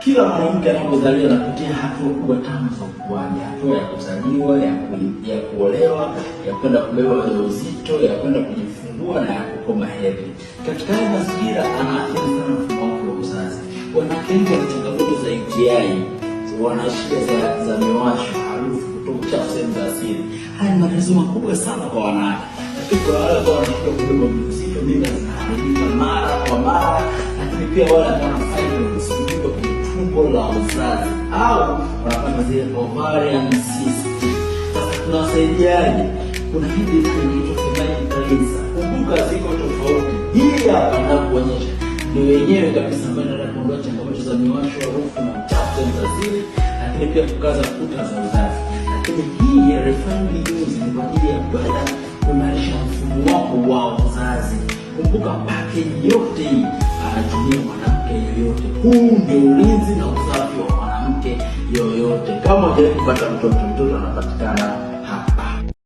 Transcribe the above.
Kila mwanamke anapozaliwa anapitia hatua kubwa tano za ukuaji: hatua ya kuzaliwa, ya ku, ya kuolewa, ya kwenda kubeba ujauzito, ya kwenda kujifungua na ya kukoma hedhi. Katika haya mazingira anaathiri sana mfumo wake wa uzazi. Wanawake wengi wana changamoto za UTI, wana shida za, za miwasho, harufu, kutoa uchafu sehemu za asili. Haya ni matatizo makubwa sana kwa wanawake, lakini kwa wale ambao wanatoka kubeba ujauzito, mimba zinaharibika mara kwa mara, lakini pia wale ambao umbo la uzazi au wanapata zile ovarian cyst. Sasa tunawasaidiaje? Kuna hivi vitu vilivyosemaji kabisa, kumbuka ziko tofauti. Hii hapa inakuonyesha ndio wenyewe kabisa ambayo inaenda kuondoa changamoto za miwasho, harufu na uchafu za mzaziri, lakini pia kukaza kuta za uzazi. Lakini hii ya refined news ni kwa ajili ya kwenda kuimarisha mfumo wako wa uzazi. Kumbuka pakeji yote hii anatumia yoyote. Huu ndio ulinzi na usafi wa mwanamke yoyote. Kama hujawahi kupata mtoto, mtoto anapatikana